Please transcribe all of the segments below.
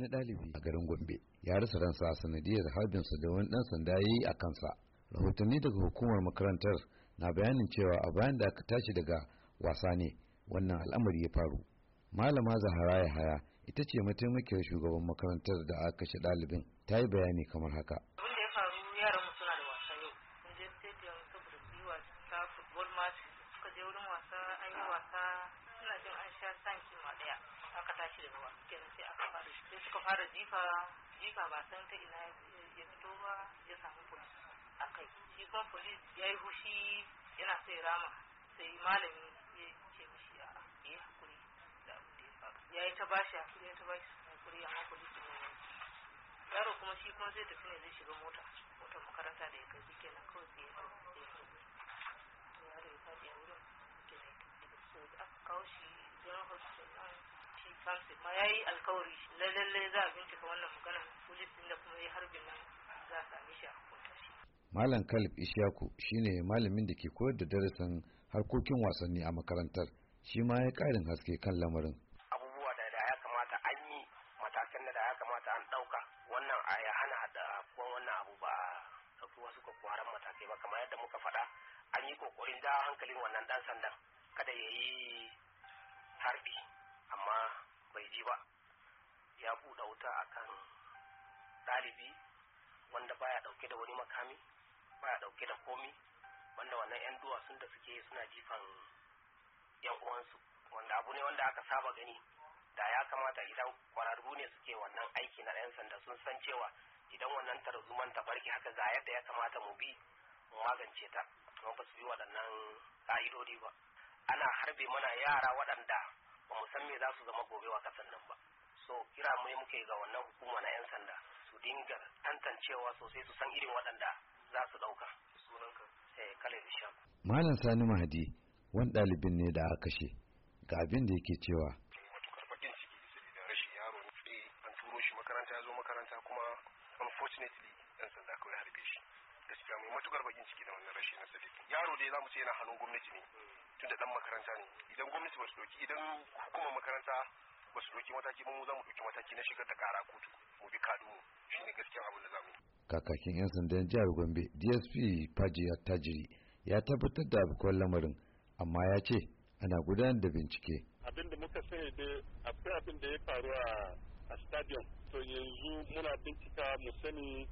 wani ɗalibi a garin Gombe ya rasa ransa a sanadiyar harbinsa da wani ɗan sanda ya yi a kansa. Rahotanni daga hukumar makarantar na bayanin cewa a bayan da aka tashi daga wasa ne wannan al'amari ya faru. Malama Zahara haya ita ce mataimakiyar shugaban makarantar da aka kashe ɗalibin ta yi bayani kamar haka. kenan sai aka fara sai suka fara jifa jifa ba san ta ina ya fito ba ya samu kuma a kai shi kuma polis ya yi hushi yana sai rama sai malami ya ce mishi a ya hakuri e e, e, da abu da ya faru ya yi ta bashi hakuri ya ta bashi hakuri amma polis ne yaro kuma shi kuma zai tafi ne zai shiga mota motar makaranta da ya kai kenan kawai sai ya alkawari na lallai za a bincika wannan magana polis din da kuma ya harbin nan za a same shi a hukunta shi. Malam Kalib Ishaku shine malamin da ke koyar da darasin harkokin wasanni a makarantar shi ma ya ƙarin haske kan lamarin. Abubuwa da ya kamata an yi matakan da ya kamata an ɗauka wannan a ya hana da kuma wannan abu ba ɗauki wasu kwakwaran matakai ba kamar yadda muka faɗa an yi kokarin da hankalin wannan ɗan sandan kada ya yi galibi wanda baya dauke da wani makami baya dauke da komi wanda wannan yan duwatsun da suke suna jifan yan uwansu wanda abu ne wanda aka saba gani da ya kamata idan kwararru ne suke wannan aiki na yan sanda sun san cewa idan wannan tarzuman ta barki haka ga yadda ya kamata mu bi mu magance ta kuma ba su bi waɗannan ƙa'idodi ba ana harbe mana yara waɗanda ba mu san me za su zama gobe wa kasan nan ba so kira mu muke ga wannan hukuma na kasancewa sosai su san irin waɗanda za su ɗauka eh, Malam Sani Mahadi wani ɗalibin ne da aka kashe ga abin da yake cewa matukar bakin ciki saboda rashin yaro ne an turo shi makaranta ya zo makaranta kuma unfortunately ɗan sanda matukar bakin da rashin yaro dai zamu ce yana hannun gwamnati ne hmm. da dan makaranta ne idan gwamnati ba su idan hukumar makaranta ba su ɗauki mataki ba mu za mu ɗauki mataki na shigar da kara kotu mu bi kadu mu shi ne gaskiyar abin da za mu kakakin 'yan sandan jihar gombe dsp fajiya tajiri ya tabbatar da abokan lamarin amma ya ce ana gudanar da bincike abin da muka sani da akwai abin da ya faru a stadium to yanzu muna bincika mu sani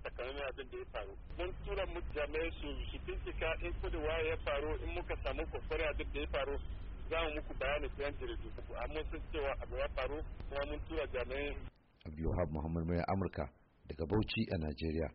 tsakanin abin da ya faru mun tura mu jami'ai su bincika in kudu ya faru in muka samu kokari abin da ya faru za mu muku bayani sayan jaridu amma sun cewa abu ya faru kuma mun tura jami'ai. Abdulwahab Muhammad Mai Amurka daga Bauchi a Najeriya.